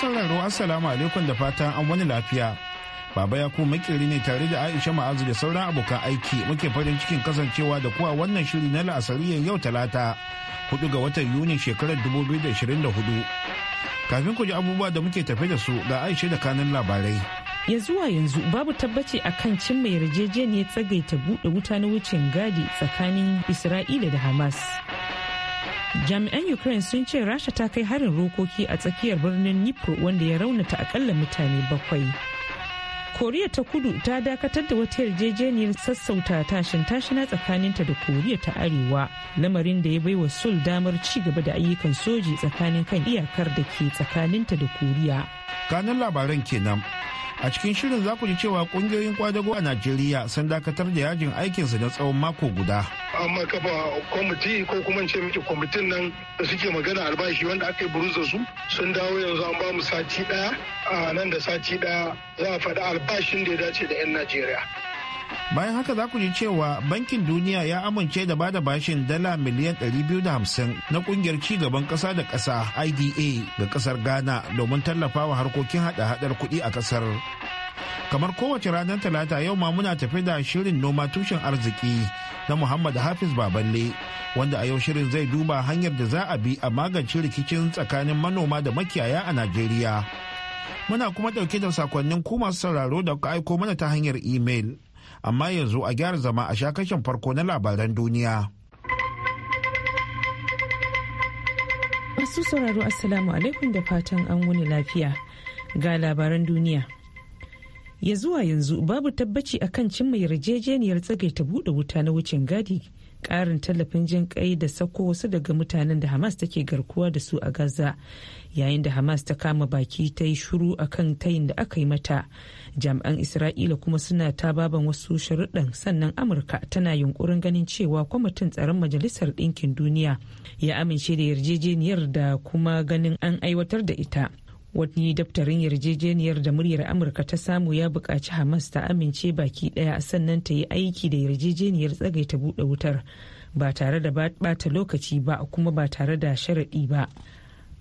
sauraro Assalamu alaikum da fatan an wani lafiya. Baba ya kuma makeri ne tare da Aisha Ma'azu da sauran abokan aiki muke farin cikin kasancewa da kuwa wannan shiri na la'asariyar yau talata hudu ga watan Yuni shekarar da da hudu Kafin ku ji abubuwa da muke tafe da su ga Aisha da kanan labarai. Ya zuwa yanzu babu tabbaci a kan cin mai yarjejeniyar tsagaita buɗe wuta na wucin gadi tsakanin Isra'ila da Hamas. jami'an ukraine sun ce rasha ta kai harin rokoki a tsakiyar birnin nipro wanda ya raunata akalla mutane bakwai koriya ta kudu ta dakatar da wata yarjejeniyar sassauta tashin tashina tsakaninta da koriya ta arewa lamarin da ya bai wa sul damar ci gaba da ayyukan soji tsakanin kan iyakar da ke tsakaninta da koriya kanan labaran kenan a cikin shirin za ku ji cewa kungiyoyin kwadago a najeriya sun dakatar da yajin aikinsu na tsawon mako guda amma kafa kwamiti ko kuma ce miki kwamitin nan da suke magana albashi wanda aka yi buruza su sun dawo yanzu an ba mu sati daya a nan da sati daya za a faɗi albashin da ya dace da 'yan najeriya bayan haka za ku ji cewa bankin duniya ya amince da bada bashin dala miliyan 250 na kungiyar gaban kasa da kasa ida ga kasar ghana domin tallafawa harkokin hada-hadar kuɗi a kasar kamar kowace ranar talata yau ma muna tafi da shirin noma tushen arziki na muhammad hafiz baballe wanda a yau shirin zai duba hanyar da za a bi a magance rikicin tsakanin manoma da makiyaya a najeriya muna kuma dauke da sakonnin ku masu sauraro da aiko mana ta hanyar imel. amma yanzu a gyara zama a sha kashin farko na labaran duniya. Masu sauraro Assalamu alaikum da fatan an wuni lafiya ga labaran duniya. Ya zuwa yanzu babu tabbaci akan cimma yarjejeniyar tsagaita buɗe wuta na wucin gadi karin tallafin jin kai da sako wasu daga mutanen da hamas take garkuwa da su a gaza yayin da hamas ta kama baki ta yi shuru a kan tayin da aka yi mata jami'an isra'ila kuma suna ta baban wasu sharuɗan sannan amurka tana yunkurin ganin cewa kwamitin tsaron majalisar ɗinkin duniya ya amince da yarjejeniyar da kuma ganin an aiwatar da ita wani daftarin yarjejeniyar da muryar amurka ta samu ya buƙaci hamas ta amince baki ɗaya sannan ta yi aiki da yarjejeniyar tsagaita buɗe wutar ba tare da ɓata lokaci ba kuma ba tare da sharaɗi ba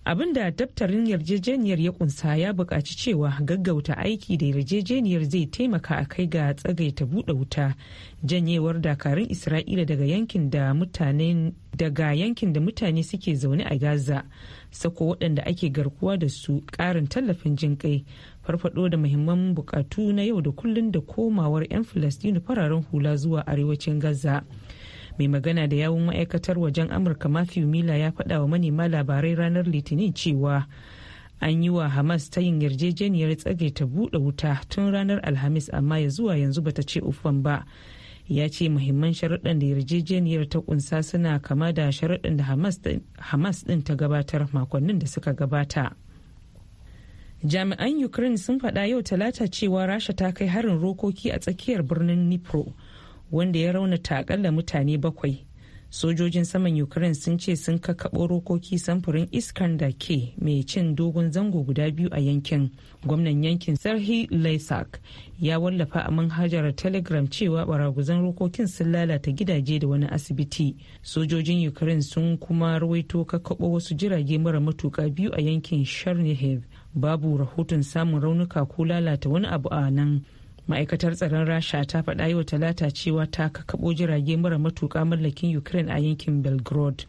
abin da daftarin yarjejeniyar ya kunsa ya bukaci cewa gaggauta aiki da yarjejeniyar zai taimaka a kai ga tsagaita buɗe wuta janyewar dakarun isra'ila daga yankin da mutane daga yankin da mutane suke zaune a gaza sako waɗanda ake garkuwa da su ƙarin tallafin jin kai farfado da muhimman bukatu na yau da kullun da komawar 'yan filastinu fararen hula zuwa arewacin gaza mai magana da yawun ma'aikatar wajen amurka matthew miller ya faɗa wa manema labarai ranar litinin cewa an yi wa hamas ta yin yarjejeniyar tsage ta buɗe wuta tun ranar alhamis amma ya zuwa yanzu bata ce ufan ba ya ce muhimman sharuɗan da yarjejeniyar ta kunsa suna kama da sharuɗan da hamas ɗin ta gabatar makonnin da suka gabata jami'an ukraine sun faɗa yau talata cewa rasha ta kai harin rokoki a tsakiyar birnin nipro wanda ya raunata akalla mutane bakwai sojojin saman ukraine sun ce sun kakkaɓo rokoki samfurin iskander ke mai cin dogon zango guda biyu a yankin gwamnan yankin sarhi laisak ya wallafa a manhajar telegram cewa baraguzan rokokin sun lalata gidaje da wani asibiti sojojin ukraine sun kuma rawaito kakkaɓo wasu jirage mara matuka biyu a yankin chernihiv babu rahoton samun raunuka ko lalata wani abu a nan ma'aikatar tsaron rasha ta faɗa yau talata cewa ta kakabo jirage mara matuƙa mallakin ukraine a yankin belgrade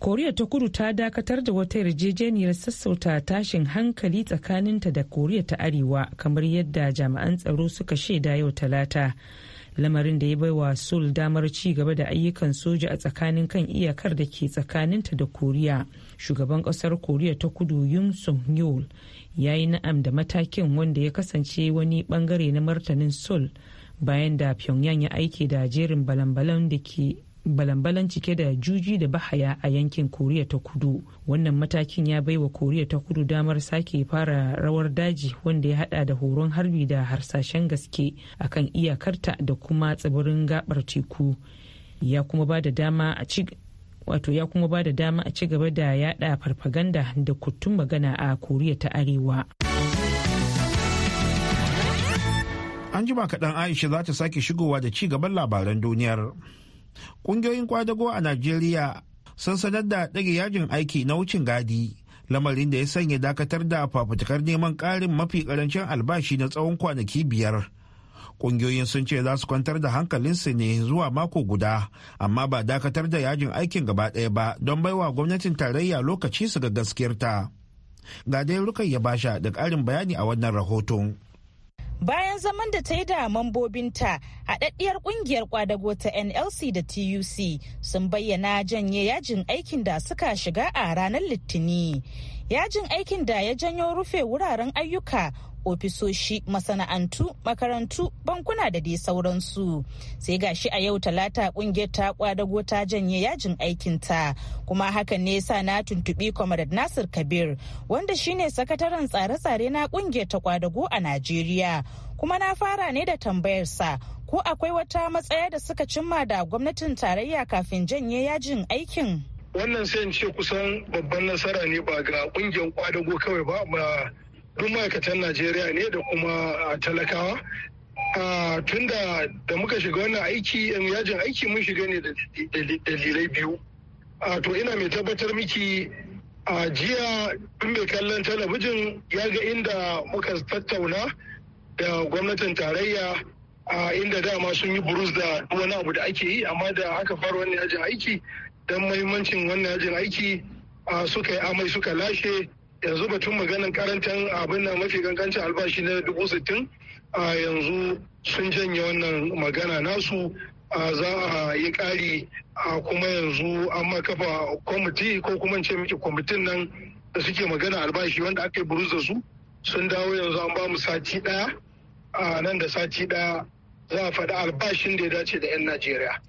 koriya ta kudu ta dakatar da wata yarjejeniyar sassauta tashin hankali tsakaninta da koriya ta arewa kamar yadda jami'an tsaro suka shaida yau talata lamarin da ya bai wa seoul damar ci gaba da ayyukan soja a tsakanin kan iyakar da ke tsakaninta da koriya shugaban kasar koriya ta kudu yun sung ya yi na'am da matakin wanda ya kasance wani bangare na martanin seoul bayan da pyongyang ya aike da jerin balan-balan da ke balan-balan cike da juji da bahaya a yankin koriya ta kudu wannan matakin ya baiwa koriya ta kudu damar sake fara rawar daji wanda ya hada da horon harbi da harsashen gaske akan iyakarta da kuma tsibirin gabar teku ya kuma ba da dama a ci wato ya kuma ba da dama a ci gaba da yada farfaganda da kutun magana a koriya ta arewa an kaɗan aisha za ta sake shigowa da ci gaban labaran duniyar Ƙungiyoyin kwadago a Najeriya sun sanar da ɗage yajin aiki na wucin gadi. lamarin da ya sanya dakatar da fafutukar neman ƙarin mafi ƙarancin albashi na tsawon kwanaki biyar ƙungiyoyin sun ce za su kwantar da hankalinsu ne zuwa mako guda amma ba dakatar da yajin aikin gaba ɗaya ba don baiwa gwamnatin tarayya lokaci su ga gaskiyarta ga dai rukan ya basha da ƙarin bayani a wannan rahoton bayan zaman da ta yi da mambobinta haɗaɗɗiyar ƙungiyar kwadago ta nlc da tuc sun bayyana janye yajin aikin da suka shiga a ranar litini yajin aikin da ya janyo rufe wuraren ayyuka ofisoshi masana'antu makarantu bankuna da dai sauransu sai gashi a yau talata kungiyar ta kwadago ta janye yajin aikin ta kuma hakan ne sa na tuntubi comrade nasir kabir wanda shine sakataren tsare-tsare na kungiyar ta kwadago a najeriya kuma na fara ne da tambayarsa ko akwai wata matsaya da suka cimma da gwamnatin tarayya kafin janye yajin aikin wannan sai ce kusan babban nasara ne ba ga kungiyar kwadago kawai ba duk ma'aikatan najeriya ne da kuma ah, talakawa ah, tun da muka shiga wannan aiki yajin aiki mun shiga ne da dalilai biyu ah, to ina mai tabbatar miki a jiya tun mai kallon talabijin ya ga inda muka tattauna da gwamnatin tarayya a inda dama sun yi burus da wani abu da ake yi amma da aka fara wannan yajin aiki don mahimmancin wannan yajin aiki suka yi amai suka lashe yanzu batun maganin karantan abin nan mafi kankancin albashi na dubu sittin a yanzu sun janye wannan magana nasu za a yi ƙari a kuma yanzu an makafa kwamiti ko kuma ce miki kwamitin nan da suke magana albashi wanda aka yi buruz da su sun dawo yanzu an ba mu sati ɗaya a nan da sati ɗaya za a faɗi albashin da ya dace da 'yan najeriya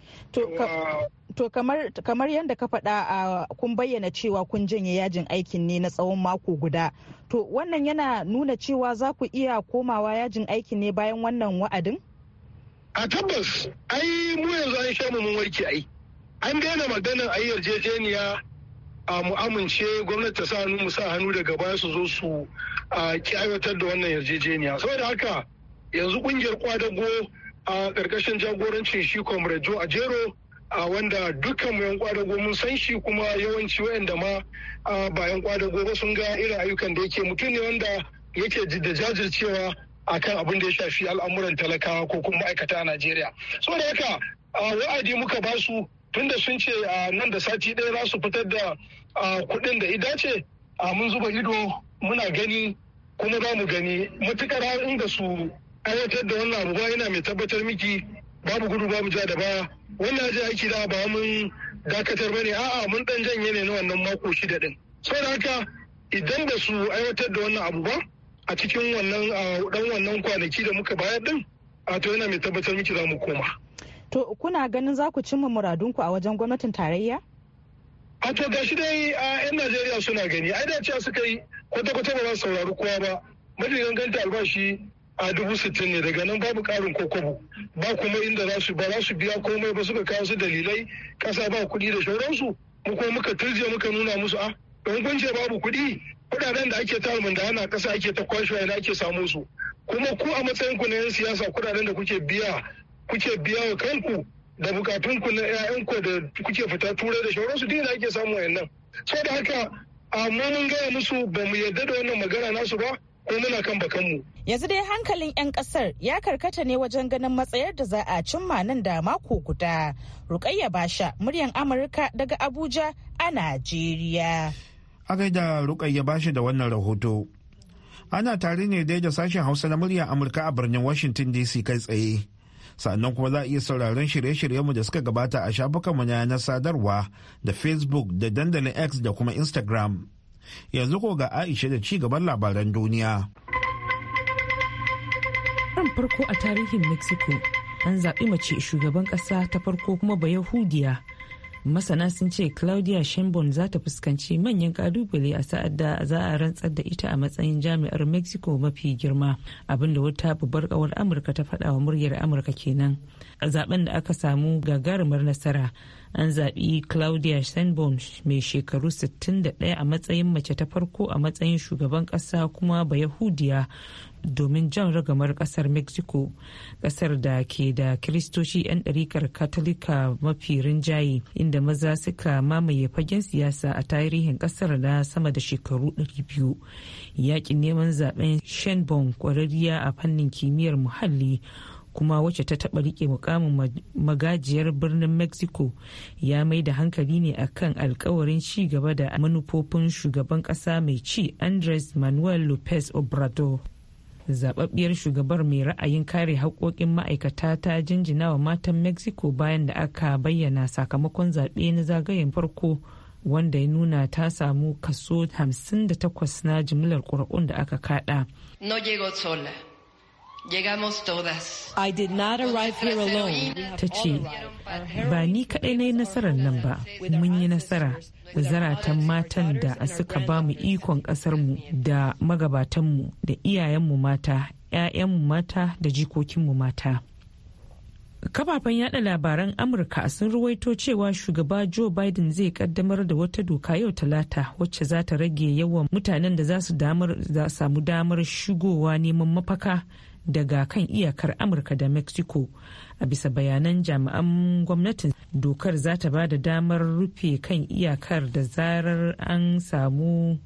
to kamar yadda ka faɗa a kun bayyana cewa kun janye yajin aikin ne na tsawon mako guda to wannan yana nuna cewa za ku iya komawa yajin aikin ne bayan wannan wa'adin a tabbas ai mu yanzu an sha mun warke ai an daina maganar ai yarjejeniya a mu amince gwamnati ta sa hannu mu sa hannu daga baya su zo su ki aiwatar da wannan yarjejeniya saboda haka yanzu kungiyar kwadago a karkashin jagorancin shi comrade joe ajero a wanda dukkan mu yan kwadago mun san shi kuma yawanci wayanda ma ba yan kwadago ba sun ga irin ayyukan da yake mutum ne wanda yake da jajircewa akan abin da ya shafi al'amuran talakawa ko kuma ma'aikata a Najeriya. Saboda haka wa'adi muka ba su tunda sun ce a nan da sati ɗaya za su fitar da kuɗin da idace mun zuba ido muna gani kuma za mu gani matukar inda su aiwatar da wannan abu ba yana mai tabbatar miki babu gudu babu ja da ba wannan aji aiki da ba mun dakatar bane a'a mun dan janye ne na wannan mako shida din saboda haka idan ba su aiwatar da wannan abu ba a cikin wannan dan wannan kwanaki da muka bayar din a to yana mai tabbatar miki za mu koma to kuna ganin za ku cimma ku a wajen gwamnatin tarayya a to gashi dai a yan najeriya suna gani ai da cewa suka yi kwata-kwata ba za su saurari kowa ba mafi ganganta albashi a dubu sittin ne daga nan babu karin kokobo ba kuma inda za su ba za su biya komai ba suka kawo su dalilai kasa ba kuɗi da shauransu mu kuma muka turje muka nuna musu a ah, don kun babu kuɗi kuɗaɗen da ake ta da hana kasa ake ta kwashe ina ake samu su kuma ku a matsayin ku na yan siyasa kuɗaɗen da kuke biya kuke biya wa kanku da bukatun ku na ku da kuke fita turai da shauransu duk da ake samu wayannan da haka amma mun gaya musu ba mu yarda da wannan magana nasu ba ko muna kan bakanmu. Yanzu dai hankalin 'yan kasar ya karkata ne wajen ganin matsayar da za a cimma nan da mako guda. Rukayya Basha, muryan Amurka daga Abuja a Najeriya. A gaida Rukayya Basha da wannan rahoto. Ana tare ne dai da sashen Hausa na muryar Amurka a birnin Washington DC kai tsaye. sannan kuma za a iya sauraron shirye-shiryenmu da suka gabata a shafukanmu na yanar sadarwa da facebook da dandalin x da kuma instagram yanzu ko ga aisha da ci gaban labaran duniya ran farko a tarihin mexico an zaɓi mace shugaban ƙasa ta farko kuma bayahudiya masana sun ce claudia sheinbaum za ta fuskanci manyan kalubale a sa'ad da za a rantsar da ita a matsayin jami'ar mexico mafi girma abinda wata babbar kawar amurka ta faɗa wa muryar amurka kenan a zaben da aka samu gagarumar nasara an zaɓi claudia sheinbaum mai shekaru 61 a matsayin mace ta farko a matsayin shugaban ƙasa kuma bayahudiya domin jan ragamar kasar mexico kasar da ke da kiristoci 'yan ɗarikar katolika mafi rinjaye inda maza suka mamaye fagen siyasa a tarihin kasar na sama da shekaru 200 yakin neman zaben shenbon kwararriya a fannin kimiyyar muhalli kuma wacce ta taɓa rike mukamin magajiyar birnin mexico ya mai da hankali ne akan alkawarin ci gaba da manufofin shugaban ƙasa mai ci andres manuel lopez obrador zababbiyar shugabar mai ra'ayin kare haƙoƙin ma'aikata ta jinjina wa matan mexico bayan da aka bayyana sakamakon zaɓe na zagayen farko wanda ya nuna ta samu kaso 58 na jimlar ƙuri'un da aka kaɗa No llego sola. Llegamos todas. I did not arrive here alone. Ta ce, ba ni kaɗai na yi nasarar nan ba, mun yi nasara da zaratan matan da suka ba mu ikon ƙasarmu da magabatanmu da iyayenmu mata, 'ya'yanmu mata da jikokinmu mata. Kafafen yada labaran Amurka sun ruwaito cewa shugaba Joe Biden zai kaddamar da wata doka yau talata wacce za ta rage yawan mutanen da za su samu damar shigowa neman mafaka daga kan iyakar amurka da mexico a bisa bayanan jami'an gwamnatin dokar za ta ba da damar rufe kan iyakar da zarar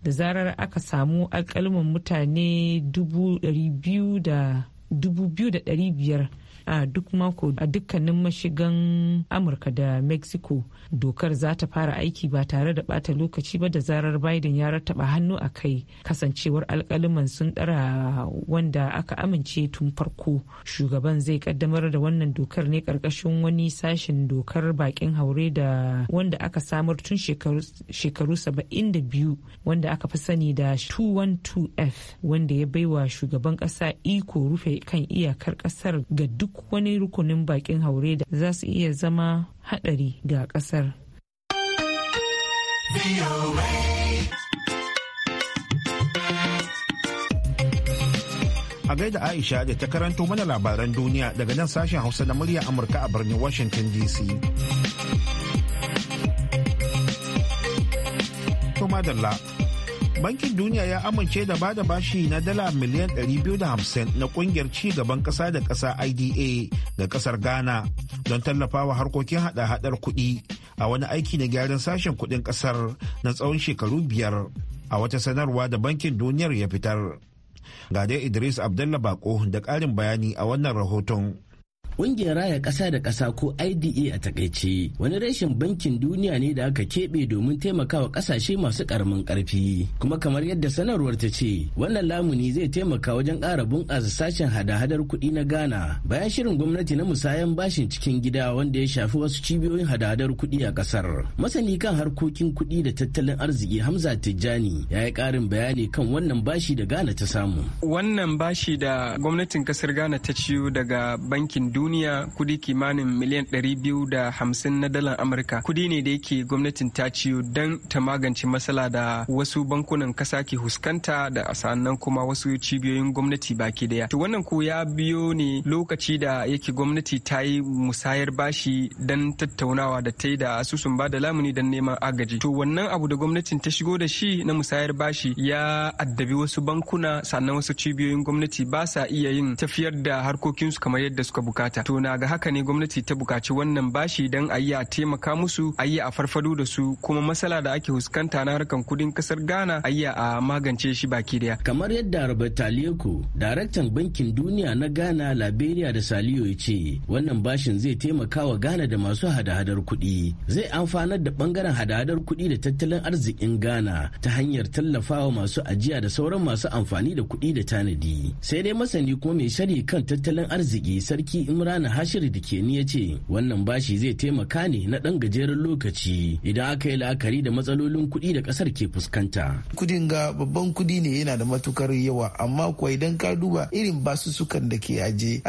da zarar aka samu alkalman mutane 2,500 a duk mako a dukkanin mashigan amurka da mexico dokar za ta fara aiki ba tare da bata lokaci ba da zarar biden ya rattaba hannu a kai kasancewar alkaliman sun dara wanda aka amince tun farko shugaban zai kaddamar da wannan dokar ne karkashin wani sashen dokar bakin haure da wanda aka samar tun shekaru 72 wanda aka fi sani da 212f wanda ya baiwa shugaban kasa iko rufe kan iyakar kasar ga duk duk wani rukunin bakin haure da za su iya zama haɗari ga ƙasar. A gaida Aisha da ta karanto mana labaran duniya daga nan sashen Hausa na murya Amurka a birnin Washington DC. To bankin duniya ya amince da bada bashi na dala miliyan 250 na kungiyar ci gaban kasa da kasa ida ga kasar ghana don tallafawa harkokin hada-hadar kuɗi a wani aiki na gyaran sashen kuɗin kasar na tsawon shekaru biyar a wata sanarwa da bankin duniyar ya fitar ga idris abdullah bako da ƙarin bayani a wannan rahoton Ƙungiyar raya ƙasa da ƙasa ko IDA a takaice wani reshen bankin duniya ne da aka keɓe domin taimakawa ƙasashe masu ƙaramin ƙarfi. Kuma kamar yadda sanarwar ta ce, wannan lamuni zai taimaka wajen ƙara bunƙasa sashen hada-hadar kuɗi na Ghana bayan shirin gwamnati na musayan bashin cikin gida wanda ya shafi wasu cibiyoyin hada-hadar kuɗi a ƙasar. Masani kan harkokin kuɗi da tattalin arziki Hamza Tijjani ya yi ƙarin bayani kan wannan bashi da Ghana ta samu. Wannan bashi da gwamnatin ƙasar Ghana ta ciyo daga bankin duniya duniya kudi kimanin miliyan 250 na dalar amurka kudi ne da yake gwamnatin ta ciyo don ta magance matsala da wasu bankunan kasa ke huskanta da sannan kuma wasu cibiyoyin gwamnati baki daya to wannan ko ya biyo ne lokaci da yake gwamnati ta yi musayar bashi don tattaunawa da ta yi da asusun ba da lamuni don neman agaji to wannan abu da gwamnatin ta shigo da shi na musayar bashi ya addabi wasu bankuna sannan wasu cibiyoyin gwamnati ba sa iya yin tafiyar da harkokinsu kamar yadda suka bukata bukata to na ga haka ne gwamnati ta bukaci wannan bashi don a yi a taimaka musu a yi a farfado da su kuma matsala da ake fuskanta na harkan kudin kasar ghana a yi a magance shi baki daya kamar yadda roberta lieko daraktan bankin duniya na ghana liberia da saliyo ya ce wannan bashin zai taimaka wa ghana da masu hada-hadar kuɗi zai amfanar da bangaren hada-hadar kuɗi da tattalin arzikin ghana ta hanyar tallafawa masu ajiya da sauran masu amfani da kuɗi da tanadi sai dai masani kuma mai shari kan tattalin arziki sarki in da hashir ni ya ce wannan bashi zai taimaka ne na ɗan gajeren lokaci idan aka yi la'akari da matsalolin kuɗi da kasar ke fuskanta kudin ga babban kudi ne yana da matukar yawa amma kuwa idan ka duba irin basussukan da ke aje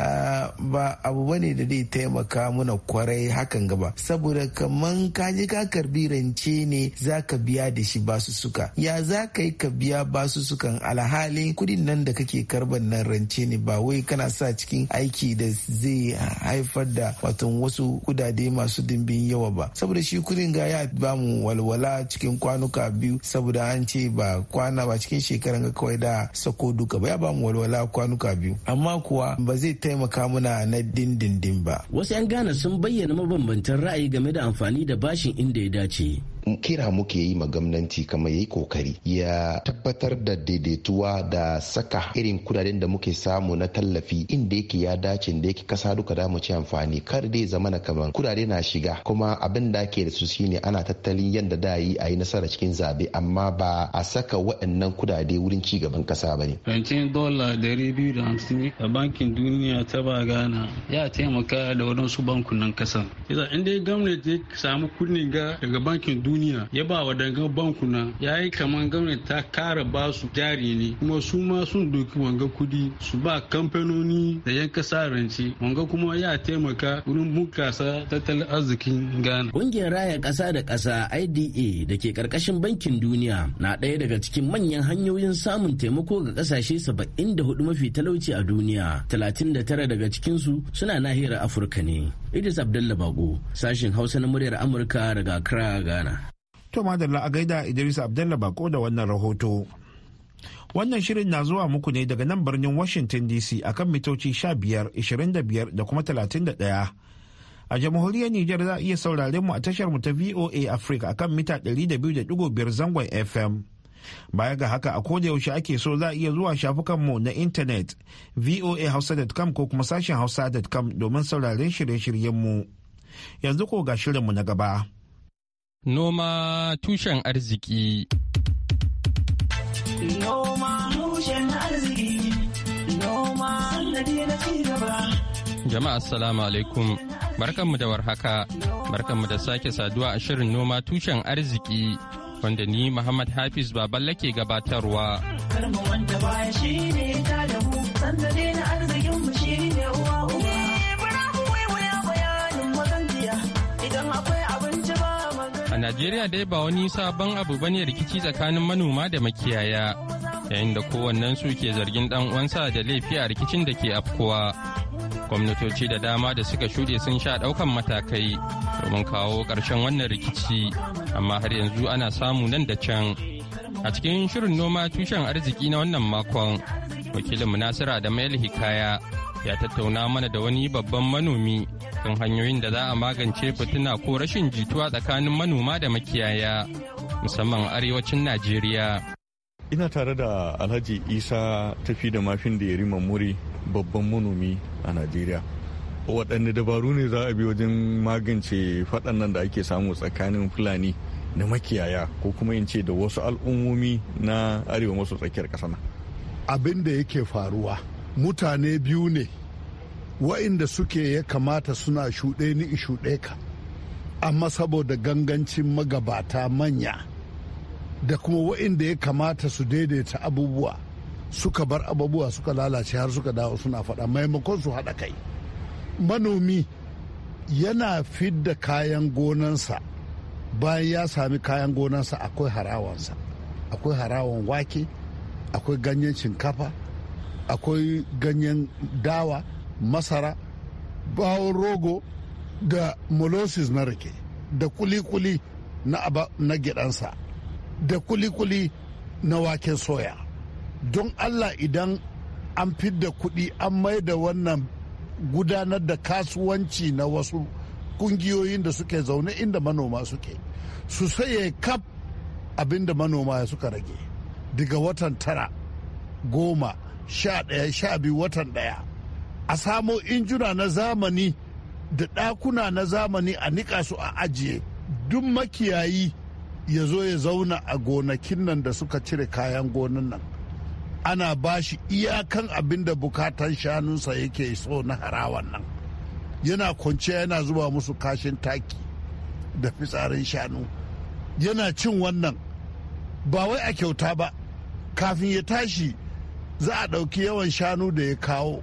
ba abu bane da zai taimaka muna kwarai hakan gaba saboda kaman ka je ka karbi rance ne za ka biya da shi basussuka ya za ka yi ka biya basussukan alhali kudin nan da kake karban nan rance ne ba wai kana sa cikin aiki da zai haifar da wato wasu kudade masu dimbin yawa ba saboda shi kudin ga ya ba mu walwala cikin kwanuka biyu saboda an ce ba kwana ba cikin shekarar ga kawai da sako duka ba ya ba mu walwala kwanuka biyu amma kuwa ba zai taimaka muna na dindindin ba wasu 'yan gana sun bayyana mabambantan ra'ayi game da amfani da bashin inda ya dace kira muke yi ma gwamnati kamar yayi kokari ya tabbatar da daidaituwa da saka irin kudaden da muke samu na tallafi inda yake ya dace da yake kasa duka da mu ci amfani kar dai zama na kaman kudade na shiga kuma abin da ke da su shine ana tattalin yadda da yi a yi nasara cikin zabe amma ba a saka waɗannan kudade wurin ci gaban kasa ba ne. Rancen dola dari biyu da hamsin da bankin duniya ta ba Gana. ya taimaka da waɗansu bankunan kasa. Yasa in dai gwamnati samu kuɗin ga daga bankin duniya duniya ya ba wa dangan bankuna ya yi kamar gwamnati ta kara ba su jari ne kuma su ma sun doki wanga kudi su ba kamfanoni da yan kasa rance wanga kuma ya taimaka wurin bunkasa tattalin arzikin ghana ƙungiyar raya ƙasa da ƙasa ida da ke ƙarƙashin bankin duniya na ɗaya daga cikin manyan hanyoyin samun taimako ga ƙasashe saba'in da hudu mafi talauci a duniya talatin da tara daga cikinsu suna nahiyar afirka ne idris abdullahi bago sashen hausa na muryar amurka daga accra ghana To madalla a gaida Idris Abdallah Bako da wannan rahoto. Wannan shirin na zuwa muku ne daga nan birnin Washington DC akan mitoci 15, 25 da kuma 31. A jamhuriyar Nijar za a iya saurare mu a tashar mu ta VOA Africa akan mita 200.5 zangon FM. Baya ga haka a koda yaushe ake so za a iya zuwa shafukanmu na intanet voahausa.com ko kuma sashen hausa.com domin sauraren shirye-shiryenmu. Yanzu ko ga shirinmu na gaba. Noma tushen arziki. Noma tushen arziki. Noma sannadi na cigaba. Jama'a assalamu alaikum. Barkanmu da warhaka. Barkanmu da sake saduwa a shirin noma tushen arziki. Wanda ni Muhammad Hafiz Baballe ke gabatarwa. Karmu wanda baya shi ne ta da mu sannadi na arziki. Najeriya dai ba wani sabon abu bane rikici tsakanin manoma da makiyaya yayin da kowannen su ke zargin dan uwansa da laifi a rikicin da ke afkuwa. Gwamnatoci da dama da suka shuɗe sun sha ɗaukan matakai domin kawo ƙarshen wannan rikici amma har yanzu ana samu nan da can. A cikin shirin noma tushen arziki na wannan makon, wakilin Munasira da Mail Hikaya ya tattauna mana da wani babban manomi kan hanyoyin da za a magance fitina ko rashin jituwa tsakanin manoma da makiyaya musamman arewacin najeriya ina tare da alhaji isa tafi da mafin da ya rima muri babban manomi a najeriya waɗanne dabaru ne za a bi wajen magance faɗan nan da ake samu tsakanin fulani na makiyaya ko kuma in ce da wasu al'ummomi na arewa maso tsakiyar ƙasa abin da yake faruwa mutane biyu ne wa'inda suke ya kamata suna shuɗe ni in shuɗe ka amma saboda gangancin magabata manya da kuma wa'inda ya kamata su daidaita abubuwa suka bar abubuwa suka lalace har suka dawo suna faɗa maimakon su haɗa kai manomi yana fidda kayan gonansa bayan ya sami kayan gonansa akwai harawansa akwai harawan wake akwai ganyen shinkafa akwai ganyen dawa masara bawon rogo da molosis na rake da kuli-kuli na gidansa da kuli-kuli na waken soya don allah idan an fidda kuɗi an mai da wannan gudanar da kasuwanci na wasu kungiyoyin da suke zaune inda manoma suke su saye kaf abinda da manoma suka rage daga watan tara goma sha ɗaya sha biyu watan ɗaya a samo injuna na zamani da ɗakuna na zamani a niƙa su a ajiye duk makiyayi ya zo ya zauna a gonakin nan da suka cire kayan gonan nan ana ba shi iyakan abin da bukatan shanunsa yake so na harawan nan yana kwanciya yana zuba musu kashin taki da fitsarin shanu yana cin wannan ba wai a kyauta ba kafin ya tashi za a ɗauki yawan shanu da ya kawo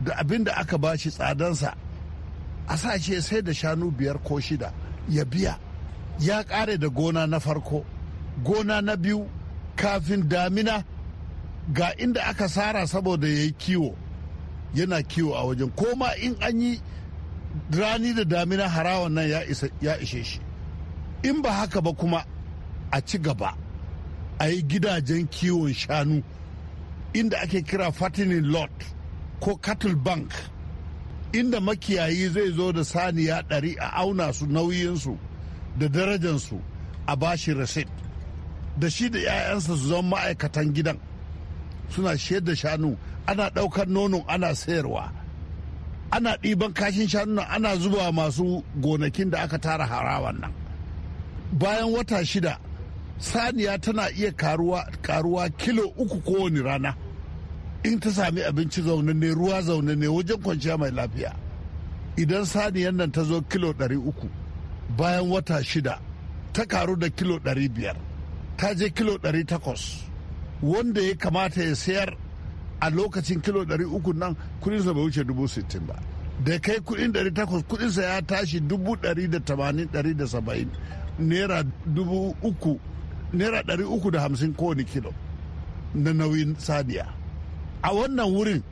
da abin da aka ba shi tsadansa a sa ya sai da shanu biyar ko shida ya biya ya kare da gona na farko gona na biyu kafin damina ga inda aka sara saboda ya yi kiwo yana kiwo a wajen koma in an yi rani da damina harawan nan ya ishe shi in ba haka ba kuma a ci gaba a yi gidajen kiwon shanu inda ake kira fatinin lot ko cattle bank inda makiyayi zai zo da saniya ɗari a auna su nauyinsu da darajansu a bashi receipt da shi da 'ya'yansa su zama ma'aikatan gidan suna shayar da shanu ana ɗaukar nonon ana sayarwa ana ɗiban kashin shanu ana zuba masu gonakin da aka tara harawan nan bayan wata shida saniya tana iya karuwa kilo uku kowane rana in ta sami abinci zaunanne ruwa zaunanne wajen kwanciya mai lafiya idan saniyar nan ta zo kilo 300 bayan wata shida ta karu da kilo 500 ta je kilo 800 wanda ya kamata ya sayar a lokacin kilo 300 nan kudinsa bai wuce sittin ba da kai kudin 800 kudinsa ya tashi 180,170 naira 300 naira 350 kowane kilo na nauyin saniya a wannan wurin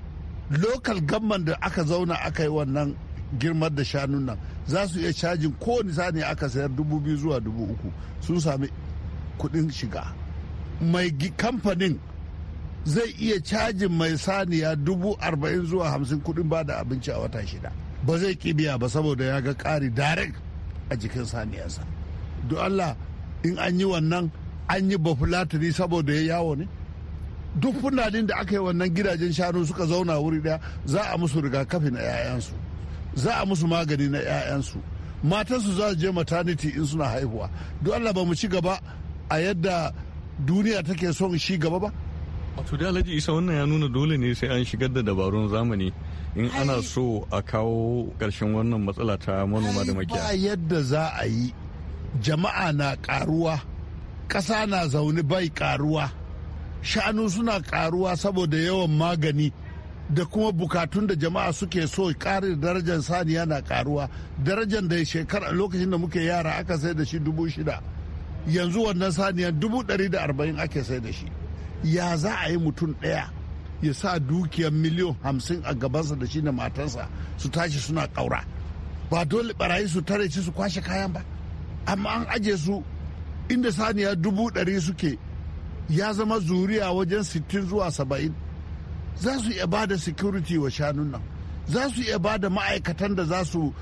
lokal gamman da aka zauna aka yi wannan girmar da shanun nan za su iya cajin kowane sani aka sayar dubu biyu zuwa dubu uku sun sami kudin shiga mai kamfanin zai iya cajin mai saniya dubu arba'in zuwa hamsin kudin ba da abinci a wata shida ba zai kibiya ba saboda ya ga ƙari direct a jikin saniyarsa don allah in an yi wannan an yi bafulatani saboda ya yawo ne duk fulanin da aka yi wannan gidajen shanu suka zauna wuri daya za a musu rigakafi na 'ya'yansu za a musu magani na 'ya'yansu matansu za su je maternity in suna haihuwa duk allah ba mu ci gaba a yadda duniya take son shi gaba ba wato da alhaji isa wannan ya nuna dole ne sai an shigar da dabarun zamani in ana so a kawo karshen wannan matsala ta manoma da makiya ba yadda za a yi jama'a na karuwa ƙasa na zaune bai karuwa shanu suna karuwa saboda yawan magani da kuma bukatun da jama'a suke so karin darajar saniya na karuwa darajar da shekara lokacin da muke yara aka sai da shi dubu shida yanzu wannan saniya dubu ɗari da arba'in ake sai da shi ya za a yi mutum ɗaya ya sa dukiyar miliyon hamsin a gabansa da shi da matansa su tashi suna kaura. ba dole barayi su tare ci su kwashe kayan ba amma an aje su inda saniya dubu ɗari suke ya zama zuriya wajen 60 zuwa 70 za su iya ba da security wa shanun nan za su iya ba da ma'aikatan da za su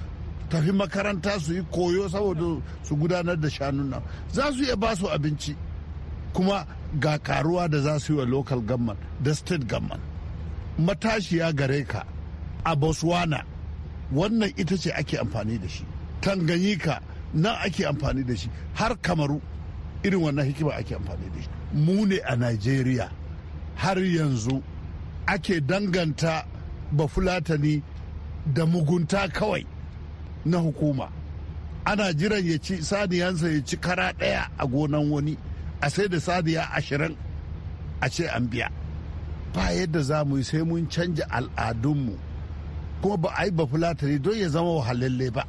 tafi makaranta su yi koyo saboda su gudanar da shanun nan za su iya ba su abinci kuma ga karuwa da za su yi wa local government da state government matashiya gare ka a botswana wannan ita ce ake amfani da shi tanganyika nan ake amfani da shi har kamaru irin wannan hikima ake amfani da shi mu ne a Najeriya har yanzu ake danganta bafulatani da mugunta kawai na hukuma ana jiran ya ci saniyansa ya ci kara ɗaya a gonan wani a sai da saniya ashirin a ce an biya ba yadda za mu yi sai mun canja al'adunmu kuma ba a yi bafulatani don ya zama wahalalle ba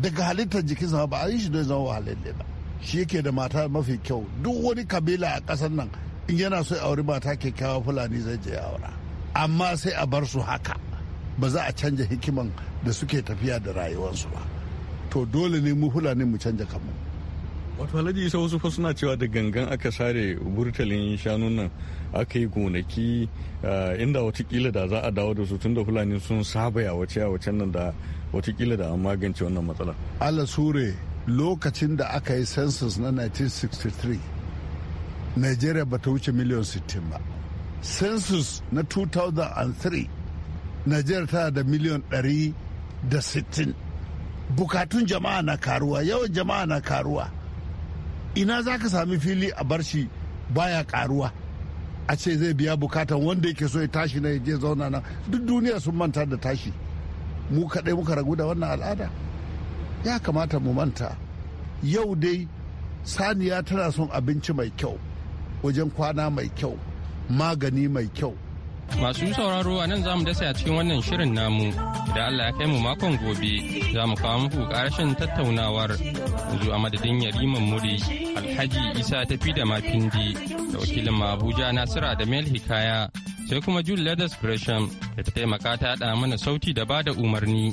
daga halittar jikinsa ba a yi shi don ya zama wahalalle ba shi yake da mata mafi kyau duk wani kabila a kasar nan in yana so ya auri mata kyakkyawa fulani zai je ya aura amma sai a bar su haka ba za a canja hikiman da suke tafiya da rayuwarsu ba to dole ne mu fulani mu canja kanmu wato alhaji isa wasu fa suna cewa da gangan aka sare burtalin shanun nan aka yi gonaki eh, inda watakila da za a dawo da su tunda fulani sun saba ya wace a wacen nan da watakila da an magance wannan matsala Allah sure lokacin da aka yi census na 1963 nigeria ba ta wuce miliyan 60 ba census na 2003 nigeria tana da miliyan 160 bukatun jama'a na karuwa yawan jama'a na karuwa ina za ka sami fili a shi baya karuwa a ce zai biya bukatan wanda yake so ya tashi na ya je zauna na duk duniya sun manta da tashi mu kaɗai muka ragu da wannan al'ada ya kamata mu manta yau dai saniya tana son abinci mai kyau wajen kwana mai kyau magani mai kyau Masu sauraro a nan za mu dasa a cikin wannan shirin namu, da Allah ya kai mu makon gobe za mu kawo muku ƙarashin tattaunawar zu a madadin yariman muri Alhaji Isa tafi da mafindi da wakilin Abuja Nasira da Mel Hikaya sai kuma Jude Ladas Gresham da ta taimaka ta mana sauti da bada umarni.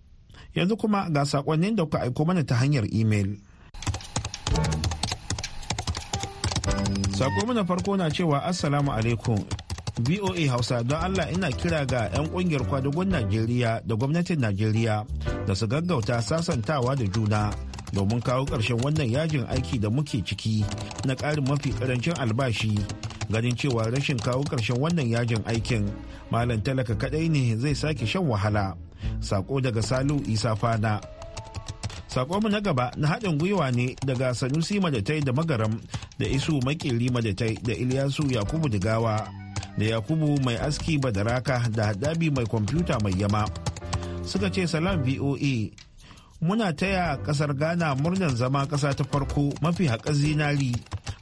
yanzu kuma ga sakonnin da kuka aiko mana ta hanyar imel. Sako mana farko na cewa Assalamu alaikum. VOA Hausa don Allah ina kira ga 'yan kungiyar kwadugun Najeriya da gwamnatin Najeriya da su gaggauta sasantawa da juna domin kawo ƙarshen wannan yajin aiki da muke ciki na ƙarin mafi ƙarancin albashi ganin cewa rashin kawo ƙarshen wannan yajin aikin malam talaka kaɗai ne zai sake shan wahala. Sako daga Salu Isa Fana. mu na gaba na haɗin gwiwa ne daga Sanusi Madatai da Magaram da Isu Makeri Madatai da iliyasu Yakubu gawa da Yakubu Mai Aski Badaraka da Hadabi Mai Kwamfuta Mai Yama. Suka ce salam VOA e. muna taya kasar ghana murnar zama ƙasa ta farko mafi haƙar zinari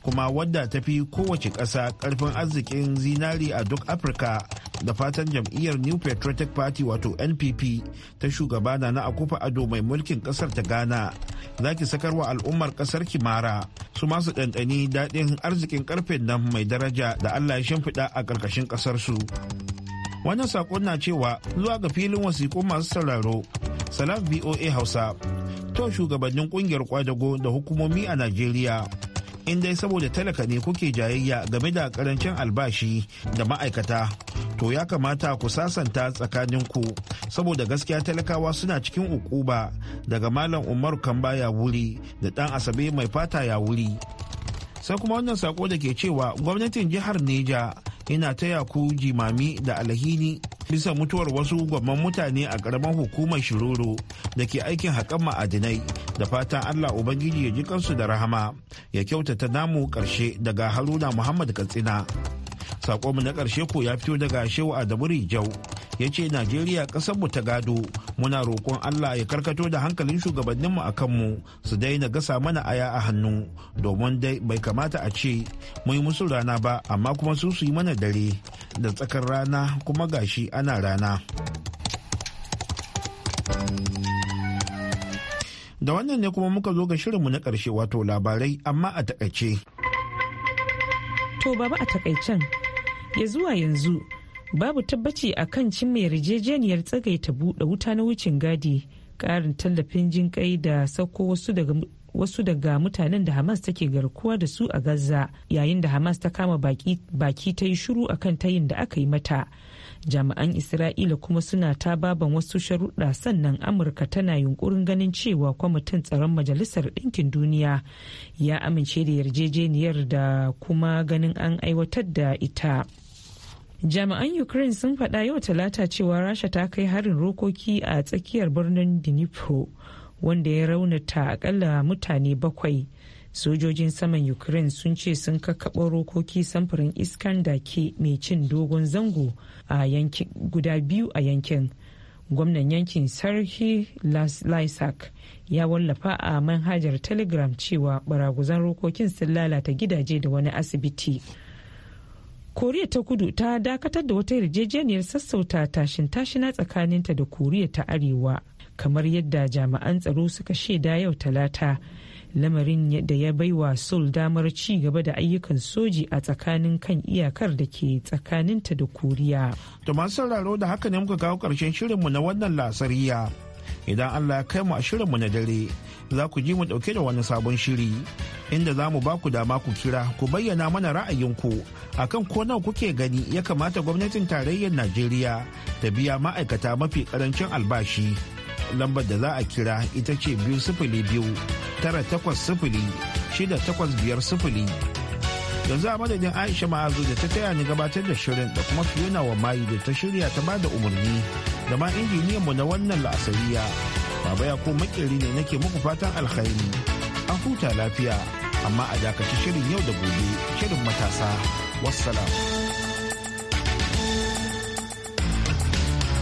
kuma wadda tafi fi kowace ƙasa ƙarfin arzikin zinari a duk afirka da fatan jam'iyyar new patriotic party wato npp ta shugaba na na akufa ado mai mulkin kasar ta ghana za ki wa al'ummar kasar kimara su masu ɗanɗani daɗin arzikin karfe nan mai daraja da allah ya shimfiɗa a ƙarƙashin ƙasar su wannan saƙon na cewa zuwa ga filin wasiƙu masu sauraro salam voa hausa to shugabannin ƙungiyar kwadago da hukumomi a najeriya in dai saboda talaka ne kuke jayayya game da karancin albashi da ma'aikata to ya kamata ku sasanta tsakanin ku saboda gaskiya talakawa suna cikin ukuba daga malam umar kamba ya wuri da dan asabe mai fata ya wuri sai kuma wannan sako da ke cewa gwamnatin jihar neja yana taya ku jimami da alhini bisa mutuwar wasu gwamman mutane a karamar hukumar shiroro da ke aikin haƙan ma'adinai da fatan allah ubangiji ya ji kansu da rahama ya kyautata namu ƙarshe daga haruna muhammad katsina sakonmu na ƙarshe ko ya fito daga shehu adamu rijau ya ce najeriya mu ta gado muna roƙon allah ya karkato da hankalin shugabanninmu a kanmu su daina gasa mana aya a hannu domin dai bai kamata a ce mu yi musu rana ba amma kuma su su yi mana dare da tsakar rana kuma gashi ana rana da wannan ne kuma muka zo ga shirin mu na ƙarshe wato labarai amma a takaice to baba a takaicen ya zuwa yanzu babu tabbaci a kan cimma yarjejeniyar tsagaita buɗe wuta na wucin gadi ƙarin tallafin jinƙai da sauko wasu daga wasu daga mutanen da hamas take garkuwa da su a gaza yayin da hamas ta kama baki ta yi shuru kan tayin da aka yi mata jami'an isra'ila kuma suna ta baban wasu sharuɗa sannan amurka tana yunkurin ganin cewa kwamitin tsaron majalisar ɗinkin duniya ya amince da yarjejeniyar da kuma ganin an aiwatar da ita jami'an ukraine sun faɗa yau talata cewa rasha ta kai harin rokoki a tsakiyar birnin dnipro wanda ya raunata akalla mutane bakwai sojojin saman ukraine sun ce sun kakkaɓo rokoki samfurin iskanda ke mai cin dogon zango a yankin guda biyu a yankin gwamnan yankin sarki lysak ya wallafa a manhajar telegram cewa baraguzan rokokin sun lalata gidaje da wani asibiti koriya ta kudu ta dakatar da wata yarjejeniyar sassauta tashin tashina tsakaninta da koriya ta arewa kamar yadda jami'an tsaro suka shaida yau talata lamarin da ya baiwa seoul damar ci gaba da ayyukan soji a tsakanin kan iyakar da ke tsakaninta da koriya to masu sauraro da haka ne muka kawo karshen shirinmu na wannan lasariya idan allah ya kai mu a shirinmu na dare za ku ji mu dauke da wani sabon shiri inda za mu ku dama ku kira ku bayyana mana ra'ayinku akan ko nawa kuke gani ya kamata gwamnatin tarayyar Najeriya ta biya ma'aikata mafi karancin albashi. Lambar da za a kira ita ce biyu sifili biyu tara takwas sifili shida takwas biyar sifili. Yanzu a madadin Aisha Ma'azu da ta taya ni gabatar da shirin da kuma Fiona wa mayu da ta shirya ta bada umarni da ma injiniyanmu na wannan la'asariya. Baba ya ko makeri ne nake muku fatan alkhairi. an huta lafiya amma a dakaci shirin yau da gobe shirin matasa wassalam.